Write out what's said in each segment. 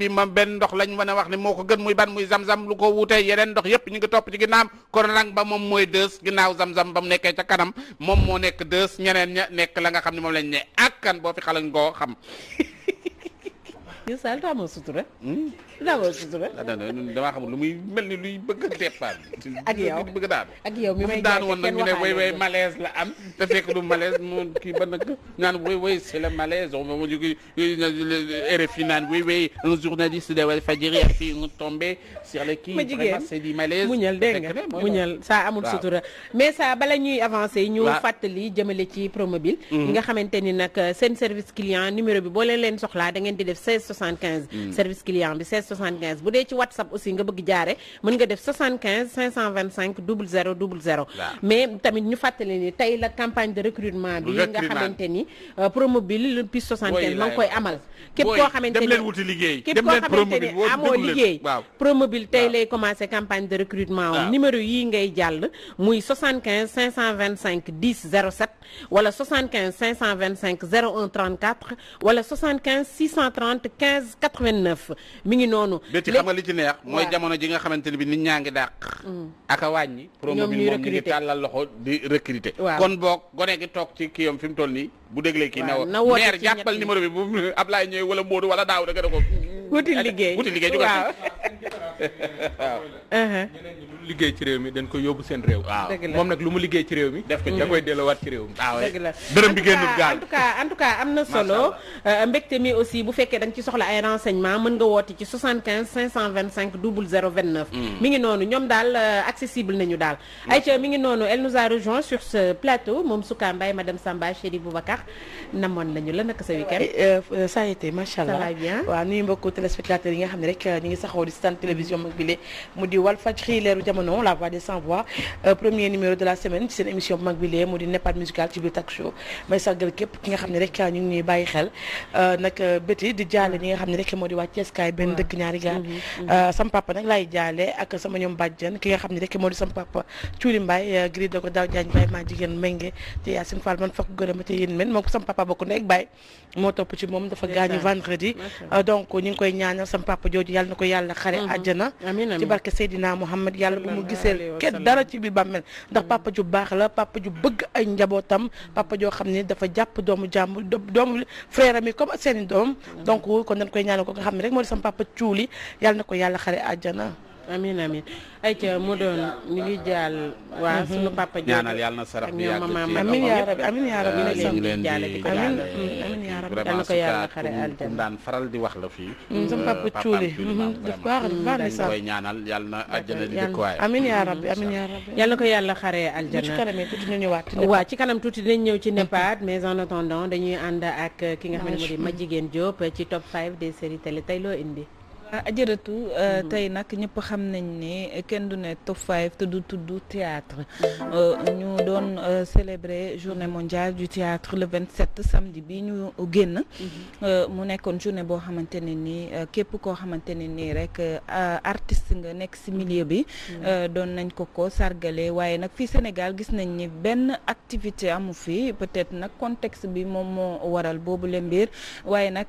bi ma benn ndox lañ mën a wax ne moo ko gën muy ban muy zam sam lu ko wute yeneen ndox yëpp ñu ngi topp ci ginnaam kon rang ba moom mooy dës ginnaaw zam-zam ba mu nekkee ca kanam moom moo nekk dës ñeneen ña nekk la nga xam ne moom lañ ne ak kan boo fi xalañ koo xam yow Sall daa ma sutura. Hmm? daa ma sutura. Ah, damaa xamul lu muy mel ni luy bëgg a départ. ak yow bëgg a daan. ak yow mi may daan woon nag ñu ne way way malaise la am. te fekk du malaise mu kii ba nag naan way way c'est le malaise on va ma jóg RFI naan way way un journaliste de Walfadjri a fi tombé. sentir le kii. ma jigéen c'est saa amul sutura. mais saa bala ñuy avancer ñu fàttali jëmale ci Promobile. Mhm. nga xamante ni nag euh, seen service client numéro bi boo leen soxlaa da ngeen di def 16 75. Mhm. service client bi 16 75 bu dee ci WhatsApp aussi nga bëgg jaare mën nga def 75 525 mais tamit ñu fàttali ni tey la campagne de recrutement bi nga euh, xamante ni Promobile piste soixantaine ma ngi koy amal. képp koo xamante ni képp tey lay commencé campagne de recrutement am numéro yii ngay jàll muy 75 525 10 07 wala 75 525 01 34 wala 75 630 15 89 mi ngi noonu bétti xam nga li ci neex mooy jamono ji nga xamante ni bi nit ñaa ngi dàq mm. ak a wàññi promo bi moom ñu ngi tàllal loxo di recruter kon boog gone gi toog ci kiyam fi mu toll nii bu déglee kii na maire jàppal numéro bi bu Ablaye wala Modou wala daaw da nga ko wuti liggéey wuti liggéey jógal waaw uh-huh. ñeneen lu liggéey ci réew mi dañ koy yóbbu seen réew waaw moom nag lu mu liggéey ci réew mi def ko da mm-hmm. koy delluwaat ci réew mi waaw dërëm bi génnul gaal en tout cas en tout cas am na solo euh, mi aussi bu fekkee da ci soxla ay renseignement mën nga woote ci 75 525 00 29 mi ngi noonu ñoom daal euh, accessible nañu daal ayca mi ngi noonu elle nous a rejoint sur ce plateau moom Souka Mbaye madame Samba chéri Boubacar namoon nañu la naka sa week-end euh, ça a été machallah ça va bien waaw nuyu mbokku téléspectateurs yi nga xam ne rek euh, ñu ngi saxoo di stan télévision mag bile mu di Walfadjri leeru jamono la voix des sans voix euh, premier numéro de la semaine ci seen émission bu mag bile mu di neppaat musical ci biir talk show may sargal képp ki nga xam ne rek euh, ñu ngi ñuy bàyyi xel nag béti di jaale ñi nga benn dëkk ñaari gaar mm-hmm, mm-hmm. sam papa nag laay jaale ak sama ñoom bàjjen ki nga xam ne rek moo di sam papa Cuuli Mbaay gri da ko daaw jaañ Mbaay maa jigéen ménge te te yéen koy ñaanal sama papa jooju yàlla na ko yàlla xare mhm. àjjana ci barke Seydina Muhammad yàlla bu mu giseel kenn dara ci bi bàmmel ndax mhm. papa ju baax la papa ju bëgg ay njabootam papa joo xam ne dafa jàpp doomu jàmbur doomu frère ami comme seeni doom mhm. donc kon dañ koy ñaanal ko nga xam ne rek moo di sama papa cuuli yàlla na ko yàlla xare àjjana amin amin ayca mu doon ñu ngi jàll waa mhm. sunu papa ñaanal yàlla na sarax bi yàgg ci amin yaa rabbi amin yaa rabbi ñu leen di jàlle di ko jàlle amin yaa yàlla xare aljana daan di wax la fii mm, sama euh, papa cuuli mm-hmm. daf baax daf baax ni sax koy ñaanal yàlla na aljana di ko yàlla xare aljana ci kanam tuuti ñu ñëwaat ci kanam tuuti dinañ ñëw ci Nepad mais en attendant dañuy ànd ak ki nga xam ne moo di ma jigéen Diop ci top 5 de séries télé tey loo indi Ah, ajëratu euh, mhm. tey nag ñëpp xam nañ ne kenn du ne top five te du tuddu théâtre mhm. euh, ñu doon euh, célébrer journée mondiale du théâtre le vingt 27 samedi bi ñu génn mhm. mu nekkoon journée boo xamante ne nii képp koo xamante ne nii rek artiste nga nekk si milieu bi doon nañ ko ko sargale waaye nag fii Sénégal gis nañ ni benn activité amu fi peut-être nag contexte bi moom moo waral boobu le mbir waaye nag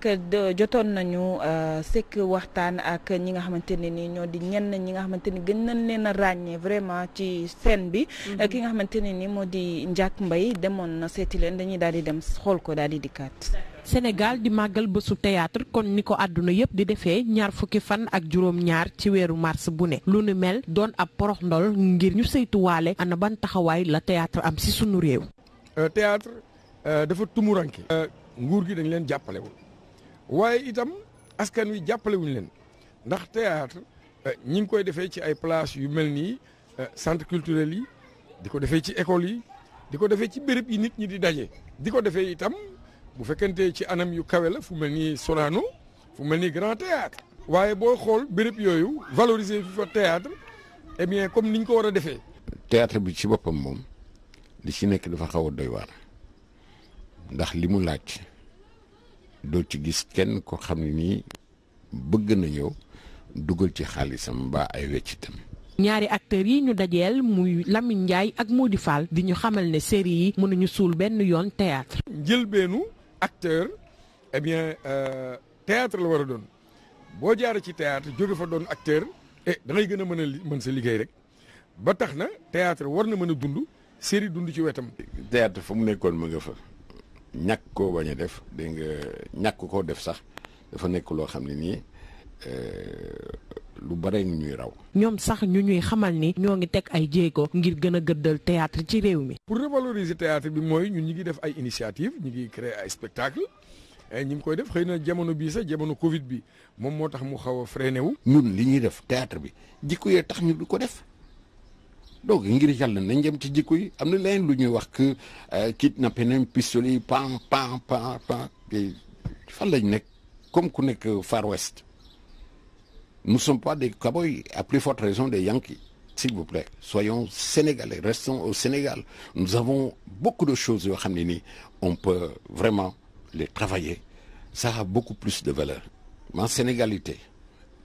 jotoon nañu sekk waxtaan waxtaan ak ñi nga xamante ne ni ñoo di ñenn ñi nga xamante ni gën nañ leen a ràññee vraiment ci scène bi. Mhm. ki nga xamante ne ni moo di Ndiak mbay demoon na seeti leen dañuy daal di dem xool ko daal di dikkaat. Sénégal di màggal bésu théâtre kon ni ko àdduna yépp di defee ñaar fukki fan ak juróom-ñaar ci weeru mars bu ne lu nu mel doon ab porox ndol ngir ñu saytuwaale ana ban taxawaay la théâtre am ci sunu réew. Euh, théâtre euh, dafa tumuranke euh, nguur gi dañ leen jàppalewul askan wi jàppalewuñ leen ndax théâtre euh, ñi ngi koy defee ci ay place yu mel nii euh, centre culturel yi di ko defee ci école yi di ko defee ci béréb yi nit ñi di daje di ko defee itam bu fekkente ci anam yu kawe la fu mel ni Sorano fu mel ni Grand Théâtre waaye boo xool béréb yooyu valoriser fi fa théâtre eh bien comme niñ ko war a defee théâtre bi ci boppam moom di ci nekk dafa xaw a doy waar ndax li mu laaj doo ci gis kenn ko xam ne nii bëgg na ñëw dugal ci xaalisam mbaa ay weccitam ñaari acteurs yi ñu dajeel muy Lamine Ndiaye ak moo di Fall di ñu xamal ne série yi mën nañu suul benn yoon théâtre njëlbeenu acteur eh bien euh, théâtre la war a doon boo jaaree ci théâtre jóge fa doon acteur eh da gën a mën a mën sa liggéey rek ba tax na théâtre war na mën a dund série dund ci wetam. théâtre fa mu nekkoon ma fa. ñàkk koo bañ a def dégg nga ñàkk koo def sax dafa nekk loo xam ne nii euh, lu bare ngi ñuy raw. ñoom sax ñu ñuy xamal ni. ñoo ngi teg ay jéego ngir gën a gëddal théâtre ci réew mi. pour revaloriser théâtre bi mooy ñun ñu ngi def ay initiative ñu ngi créer ay spectacle eh, ñu ngi koy def xëy na jamono bii sax jamono Covid bi moom moo tax mu xaw a freiné wu. ñun li ñuy def théâtre bi jikko yee tax ñu du ko def. donc ngir yàlla nañ jëm ci jikko yi am na leneen lu ñuy wax que euh, kidnappé nañ pistolet yi pan pan pan pan fan lañ nekk comme ku nekk Far West nous ne sommes pas des cowboys à plus forte raison des Yankees s'il vous plaît soyons sénégalais restons au Sénégal nous avons beaucoup de choses yoo xam ne nii on peut vraiment les travailler ça a beaucoup plus de valeur ma sénégalité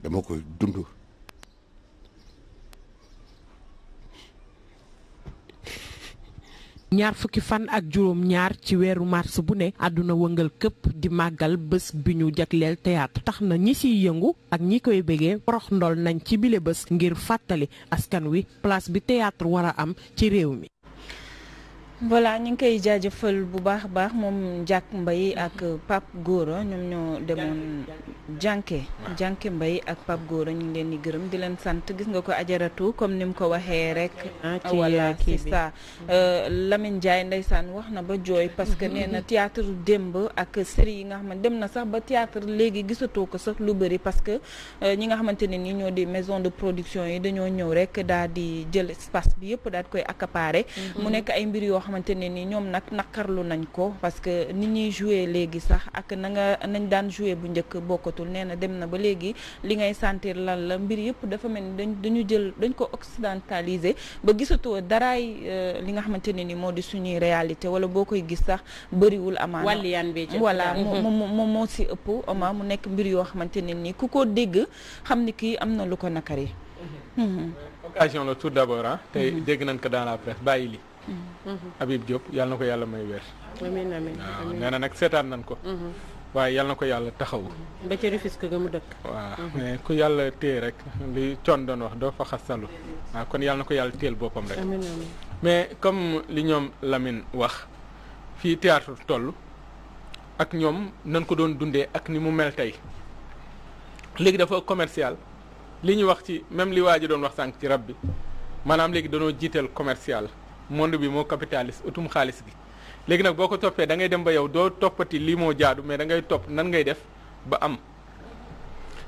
dama koy dund ñaar fukki fan ak juróom ñaar ci weeru mars bu ne àdduna wëngal këpp di màggal bés bi ñu jagleel théâtre tax na ñi ciy yëngu ak ñi koy bégee porox ndol nañ ci bile bés ngir fàttali askan wi place bi théâtre war a am ci réew mi voilà ñu ngi koy jaajëfal bu baax a baax moom Jack mbay ak Pape Gora ñoom ñoo demoon jànke jànke Mbaye ak Pape Gora ñu ngi leen di gërëm di leen sant gis nga ko ajaratu comme ni mu ko waxee rek ah, kii c'est ça euh, Lamine Ndiaye ndeysaan wax na ba jooy parce que nee na théâtre démb ak série yi nga xam dem na sax ba théâtre léegi gisatoo ko sax lu bëri parce que euh, ñi nga xamante ne ni ñoo di maison de production yi dañoo ñëw rek daal di jël espace bi yëpp daal di koy accaparer mm-hmm. mu nekk ay mbir yoo xamante ne ni ñoom nag naqarlu nañ ko parce que ni ñuy jouer léegi sax ak nanga nañ daan jouer bu njëkk bokkatul nee na dem na ba léegi li ngay sentir lan la mbir yëpp dafa mel ni dañ dañu jël dañ ko occidentaliser ba gisatoo daraay euh, li nga xamante ne ni moo di suñuy réalité wala boo koy gis sax bëriwul amaana wàlliyaan bi voilà moom mm-hmm. moom moo si ëpp oma mu nekk mbir yoo xamante ne ni ku ko dégg xam ni kii am na lu ko nakari mm-hmm. mm-hmm. ah. yi Mm-hmm. Habib Diop yàlla na ko yàlla may weer. amiin amiin waaw nee nag seetaan nañ ko. Mm-hmm. waaye yàlla na ko yàlla taxawu. Mm-hmm. ba ca Rufisque ga mu dëkk. mais ku yàlla téye rek li coon doon wax doo fa xasalu waaw kon yàlla na ko yàlla téyel boppam rek. mais comme li ñoom Lamine wax fii théâtre toll ak ñoom nañ ko doon dundee ak ni mu mel tey léegi dafa commercial li ñu wax ci même li waa ji doon wax sànq ci rab bi maanaam léegi danoo jiital commercial. monde bi moo capitaliste utum xaalis gi léegi nag boo ko toppee dangay dem ba yow doo toppati lii moo jaadu mais dangay ngay topp nan ngay def ba am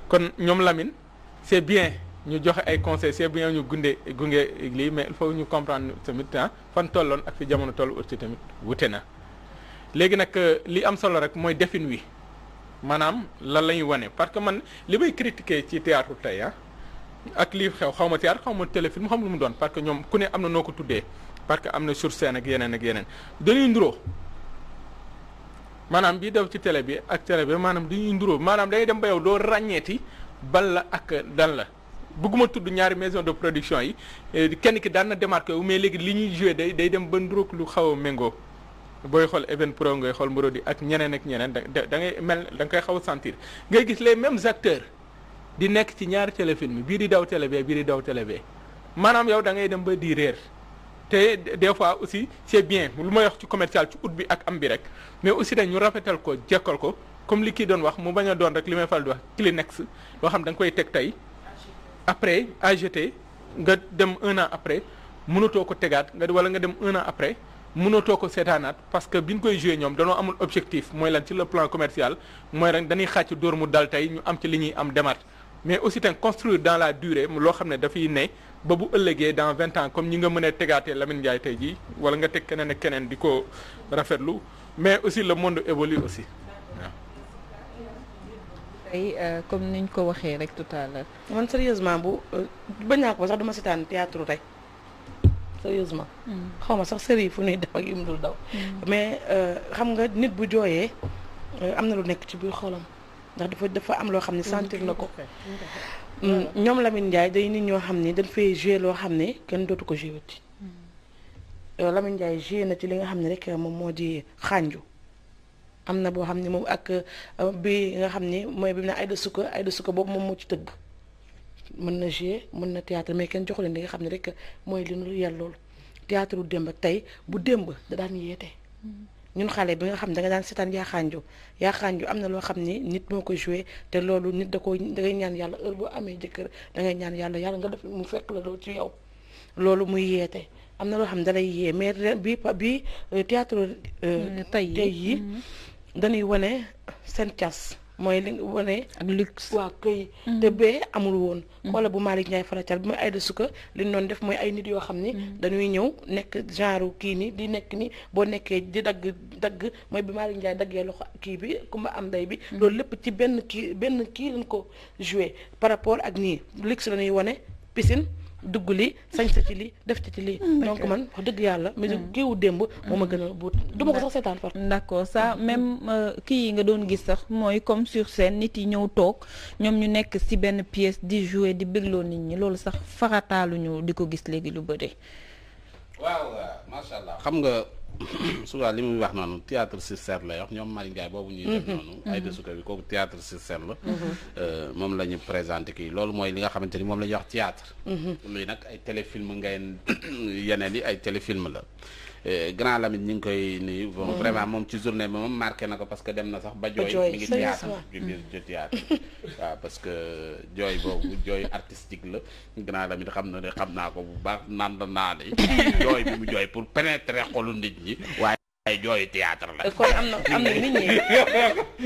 kon ñoom Lamine c'est bien ñu joxe ay conseils c'est bien ñu gunde gunge lii mais il faut ñu comprendre tamit ah fan tolloon ak fi jamono toll aussi tamit wute na léegi nag euh, li am solo rek mooy defin wi maanaam lan la ñuy wane parce que man li may critiquer ci théâtre tay ah ak lii xew xaw ma théâtre xaw ma téléfilm xam lu mu que ñoom ku ne am na noo ko tuddee parce que am na sur scène ak yeneen ak yeneen dañuy nduroo maanaam bii daw ci télé bi ak télé bi maanaam dañuy nduroo maanaam dañuy dem ba yow doo ràññeeti ban la ak dan la bëgguma tudd ñaari maison de production yi eh, kenn ki daan na démarqué wu mais léegi li ñuy joué day day dem ba nduróog lu xaw a méngoo booy xool event pro ngay xool mborodi ak ñeneen ak ñeneen da da ngay mel da koy xaw a sentir ngay gis les même acteurs di nekk ci ñaari téléfilm biir di daw télé bee bii di daw télé bee maanaam yow da ngay dem ba di réer te des fois aussi c'est bien lu may wax ci commercial ci ut bi ak am bi rek mais aussi ñu rafetal ko jekkal ko comme li kii doon wax mu bañ a doon rek li may fal di wax Kleenex loo xam da nga koy teg tey après AGT nga dem un après mënatoo ko tegaat nga wala nga dem un an après mënatoo ko seetaanaat parce que bi ñu koy joué ñoom danoo amul objectif mooy lan ci le plan commercial mooy rek dañuy xàcc dóor mu dal tey ñu am ci li ñuy am demart mais aussi ten construire dans la durée loo xam ne dafiy ne ba bu ëllëgee dans vingt ans comme ñi nga mën a tegaatee Lamine Ndiaye tey jii wala nga teg keneen ak keneen di ko rafetlu mais aussi le monde évolue aussi tey euh, comme ni niñ ko waxee rek tout à l'heure man sérieusement bu euh, bañ naa ko ba sax duma seetaan théâtre tey sérieusement hmm. xaw ma sax série fu ñuy def ak yu mu dul daw hmm. mais euh, xam nga nit bu jooyee am na lu nekk ci biir xolam ndax dafa dafa am loo xam ne sentir na ko ñoom Lamine Ndiaye day nit ñoo xam ne dañ fay joué loo xam ne kenn dootu ko joué ci euh, Lamine Ndiaye joué na ci li nga xam ne rek moom moo di xànju am na boo xam ne moom ak euh, bi nga xam ne mooy bi na ne Aïda Souka Aïda Souka boobu moom moo ci tëgg mën na joué mën na théâtre mais kenn joxu leen li nga xam ne rek mooy li nu yàlla loolu théâtre bu démb ak tey bu démb da daan yeete ñun xale bi nga xam ne danga daan seetaan yaaxaanju yaaxaanju am na loo xam ni nit moo ko joué te loolu nit da ko dangay ñaan yàlla heure boo amee jëkkër dangay ñaan yàlla yàlla nga def mu fekk la loolu ci yow loolu muy yeete am na loo xam ne dalay yee mais bi bi euh, théâtre euh, tey yi mm-hmm. dañuy wane seen cas mooy li wane ak luxe waa këy mm. te bee amul woon mm. xoola bu Malick Ndiaye faracal bi mooy Aïda Souka li ñu doon def mooy ay nit yoo xam ni mm. dañuy ñëw nekk genre kii nii di nekk nii boo nekkee di dagg dagg mooy bi Malick Ndiaye daggee loxo kii bi kumba am day bi loolu lépp ci benn kii benn kii lañ ko joué par rapport ak nii luxe la ñuy wane piscine dugg li sañsa ci li def ci ci li mm, donc man wax dëgg yàlla musique kii wu démb moo ma gën a buut du ma ko sax seetaan far d'accord ça même euh, kii yi nga doon gis sax mooy comme sur scène nit yi ñëw toog ñoom ñu nekk si benn pièce di jouer di bégloo nit ñi loolu sax farataaluñu di ko gis léegi lu bëri waaw macha allah xam nga souvent li muy wax noonu théâtre sur scène lay wax ñoom Mari Ndiaye boobu ñuy def mhm. noonu ay desuka mhm. bi kooku théâtre sur scène la mhm. euh, moom la ñu présenté kii loolu mooy li nga xamante ni moom la ñuy wax théâtre luy nag ay téléfilm ngay yeneen yi ay téléfilm la Euh, grand Lamine ñu ngi koy nuyu. bon mm. vraiment moom ci journée bi moom marqué na ko parce que dem na sax ba jooy mi ngi théâtre bi biir mm. parce que jooy boobu jooy artistique la grand Lamine xam na ne xam naa ko bu baax na naa de jooy bi mu jooy pour pénétrer xolu nit ñi waaye ay jooyu théâtre la kon am na nit ñi ñu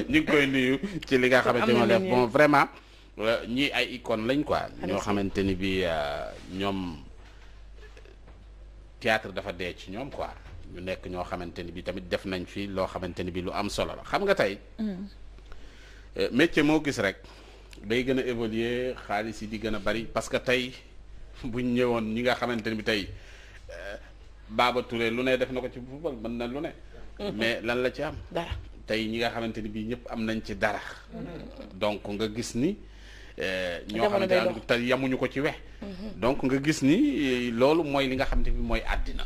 ngi koy nuyu ci li nga xamante moo def bon vraiment euh, ñii ay icône lañ quoi ñoo xamante ni bi euh, ñoom théâtre dafa dee ci ñoom quoi ñu nekk ñoo xamante ni bi tamit def nañ fi loo xamante ni bi lu am solo la xam nga tey mm. eh, métier moo gis rek day gën a évoluer xaalis yi di gën a bari parce que tey buñ ñëwoon ñi nga xamante ni bi tey eh, Baba Touré lu ne def na ko ci football mën na lu ne mais lan la ci am dara tey ñi nga xamante ni bii ñëpp am nañ ci dara mm. donc nga gis ni Eh, ñoo xam ne daal te yamuñu ko ci we mhm. donc nga gis ni eh, loolu mooy li nga xam ne bi mooy àddina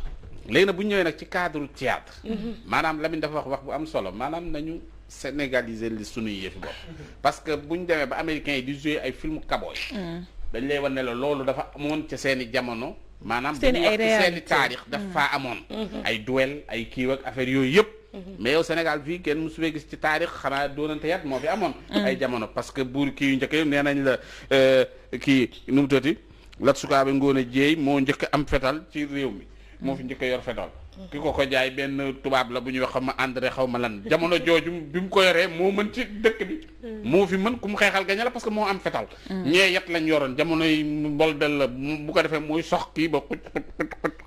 léegi nag bu ñëwee nag ci cadre théâtre mhm. maanaam Lamine dafa wax wax bu am solo maanaam nañu sénégaliser li sunuy yëfi bopp parce que bu ñu demee ba américains yi di jouer ay film cowboy mhm. dañ lay wan ne loolu dafa amoon ca seeni jamono maanaam bu ñu wax seeni taarix dafa faa amoon ay duel ay kiiw ak affaire yooyu yëpp Mhm. mais yow Sénégal fii kenn mosu fee gis ci taarix xanaa doonante yat moo fi amoon. Mhm. ay jamono parce que buur kii yu njëkk yi nee la euh, kii nu mu tëddi Lat Sukaabe Ngoone Jeey moo njëkk am fetal ci réew mi moo fi njëkk yor fetal. Mhm. ki ko ko jaay benn tubaab la bu ñuy wax xaw ma André xaw ma lan jamono jooju bi mu ko yoree moo mën ci dëkk bi moo fi mën ku mu xeexal gañe la parce que moo am fetal ñee yat lañ yoroon jamono yi mbol del la bu ko defee mooy sox kii ba xuc xuc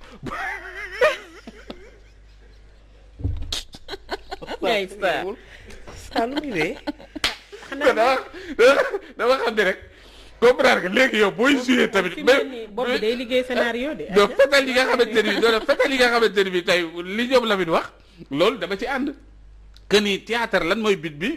Star Star lu muy ree xanaa dama xam ne rek comprendre que léegi yow booy joué tamit même fetal yi nga xamante ne bi doona fetal yi nga xamante ne bi tey li ñoom Lamine wax loolu dama ci ànd que ni théâtre lan mooy bit bi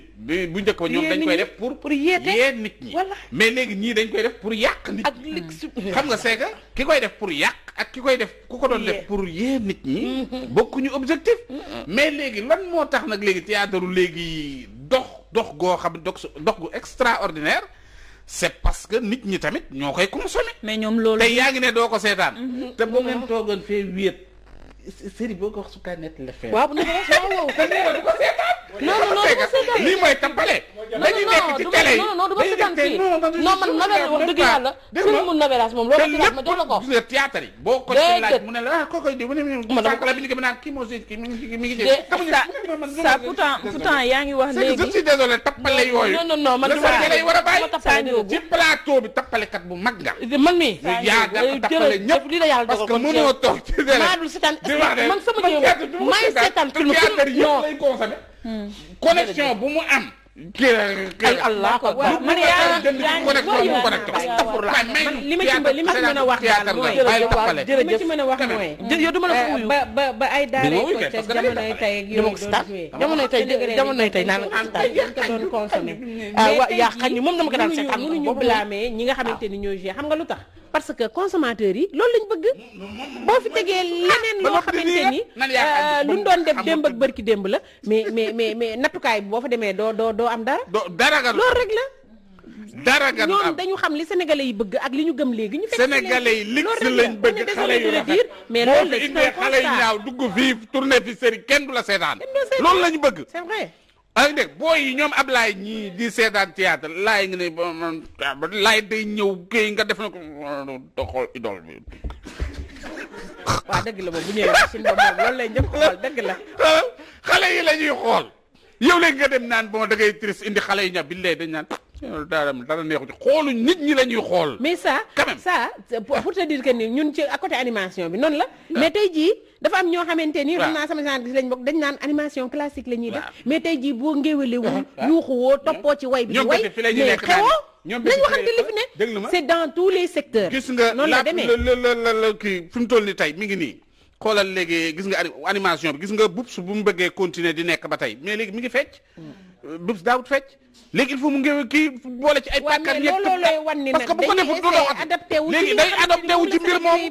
bu njëkk ba ñoom dañ koy def pour pour yeete yee nit ñi mais léegi ñii dañ koy def pour yàq nit ñi xam nga c'est que ki koy def pour yàq ak ki koy def ku ko doon def pour yee nit ñi mm-hmm. bokkuñu objectif mm-hmm. mais léegi lan moo tax nag léegi théâtre léegi dox dox goo xam dox dox gu extraordinaire c'est parce que nit ñi tamit ñoo koy consommer mais ñoom loolu tey yaa ngi ne doo ko seetaan mm-hmm. te boo ngeen toogoon fee wéet série boo ko wax su kaa nett la fee. waaw bu nekk waaw waaw. te nee na du ko seetaan. non non non du ma seetaan lii mooy tampale. dañuy nekk ci télé yi non non du ma seetaan fii non man novel wax dëgg yàlla. filmu novelas moom loolu ma ma jox la ko. gis nga théâtre yi boo ko ci laaj mu ne la ah kooku di mu ne ma sànq la bi liggéey bi naan kii moo si kii mi ngi mi ngi sa pourtant pourtant yaa ngi wax léegi je suis désolé tappale yooyu non non non man du war a bàyyi ci plateau bi tappalekat bu mag nga man mi yaa def tappale ñëpp parce que mënoo toog ci man sama réew may seetaan film non lay consommé hmm. connexion bu mu am allah ko man yaa li ma ci ma ci a wax daal mooy li ma ci mën a wax mooy. yow du ma la fuuyu eh, ba ba ba ay daara ko ca jamonoy tey ak naan ko doon yaa xam ni moom dama ko daan seetaan mënuñu blâmer ñi nga xamante ni ñooy xam nga lu tax. parce que consommateur yi loolu lañ bëgg boo fi tegee leneen loo xamante ni euh, lu ñu doon def démb ak bërki démb la mais mais mais mais nattukaay bi boo fa demee doo doo doo am dara loolu rek la dara gan ñoom dañu xam li sénégalais yi bëgg ak li ñu gëm léegi ñu fekk sénégalais yi ligsi lañ bëgg xale yu rafet mais loolu la xale yi ñaaw dugg fii tourné fi série kenn du la seetaan loolu lañu bëgg c'est yaa ngi dégg booy yi ñoom Ablaye ñii di seetaan théâtre laay nga ne laay day ñëw géey nga def na ko doxal idole bi. waaw dëgg la moom bu ñëwee machine ba moom loolu lay njëkk xool dëgg la. Ah, xale yi la xool yow léegi nga dem naan bon dangay triste indi xale yi ña bi lay dañ naan. dara dara neexu ci xooluñ nit ñi la ñuy xool. mais ça ça pour te dire que ñun ci à animation bi noonu la. Ah. mais tey jii dafa am ñoo xamante nii xam ah. naa sama dañ naan animation classique la ñuy def. Ah. mais tey jii boo ngéwélee wu. yuuxu woo toppoo ci way bi. ñoom bi fi la ñuy nekk ñoom bi fi nekk c'est dans tous les secteurs. noon la demee gis la la la kii fi mu toll nii tey mi ngi nii. xoolal léegi gis nga animation bi gis nga bubs bu mu bëggee continuer di nekk ba tey mais léegi mi ngi fecc. Mm. bubs daawut fecc. léegi il faut mu ngi kii boole ci ay. pàkkat yëpp parce que bu ko defut léegi day adopté wu ci mbir moom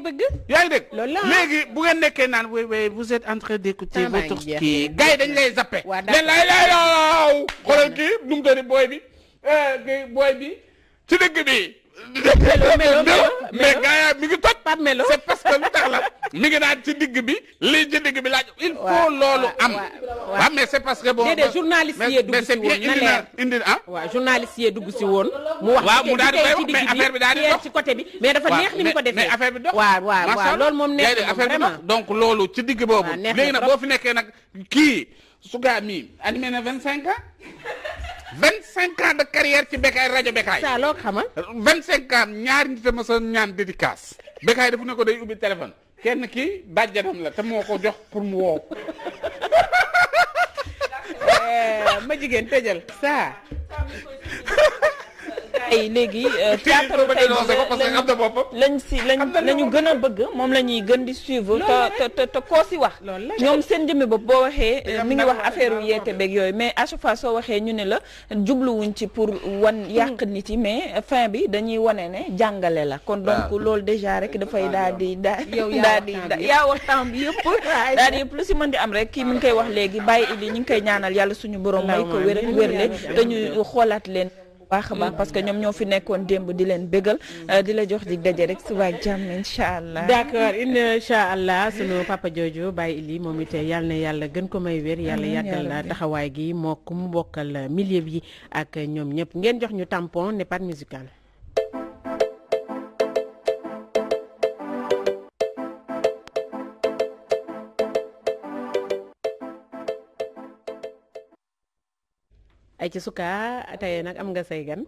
yaa ngi dégg léegi bu ngeen nekkee naan oui oui vous êtes en train d'écouter votre kii dañ lay zappé leen lay lay laaw xoolal kii nu booy bi eh, booy bi ci dëgg bi melo melo mais gars mi ngi toj. Pape Melo c'est parce que lu tax la mi ngi naan ci digg bi lii ci digg bi laaj. il faut loolu am. waaw mais c'est parce que bon. déedéet journaliste yee dugg si woon na leer indi ah. waaw si woon. mu wax waaw mu daal di koy wax affaire bi daal di dox ci côté bi. mais dafa neex ni mu ko defee mais affaire bi dox. waaw waaw waaw loolu moom neex na vraiment donc loolu ci digg boobu. waaw neex na boo fi nekkee nag kii. su gaa mii animé na 25 ans. vingt cinq ans de carrière ci Bécaye rajo Bécaye. saa loo xama vingt cinq ans ñaari nit ma sa ñaan dédicace Bécaye dafa ne ko day ubbi téléphone kenn ki bàjjanam la te moo ko jox pour mu woo. Eh, ma jigéen tëjal saa. Euh, tey léegi théâtre tey lañ si lañ lañu gën a bëgg moom la ñuy gën di suivre te te te koo si wax ñoom seen jëmmi bopp boo waxee mi ngi wax affaire yeete beeg yooyu mais à chaque fois soo waxee ñu ne la jubluwuñ ci pour wan mm. yàq nit yi mais fin bi dañuy wane ne jàngale la kon donc loolu déjà rek dafay daal di daa daal di yaa wax temps bi yëpp daal di yëpp lu si mën di am rek kii mi koy wax léegi bàyyi ili ñu ngi koy ñaanal yàlla suñu borom may ko wér wérle te ñu xoolaat leen baax a baax parce que ñoom ñoo fi nekkoon démb di leen bégal euh, di la jox dig daje rek suba ak jàmm incha allah. d'accord incha allah sunu papa jooju Baye lii moom it yal na yàlla gën ko may wér yàlla yàggal taxawaay gi moo ku mu bokkal milieu bi ak ñoom ñëpp ngeen jox ñu tampon ne pas musical ay ci sukaa tey nag am nga say gan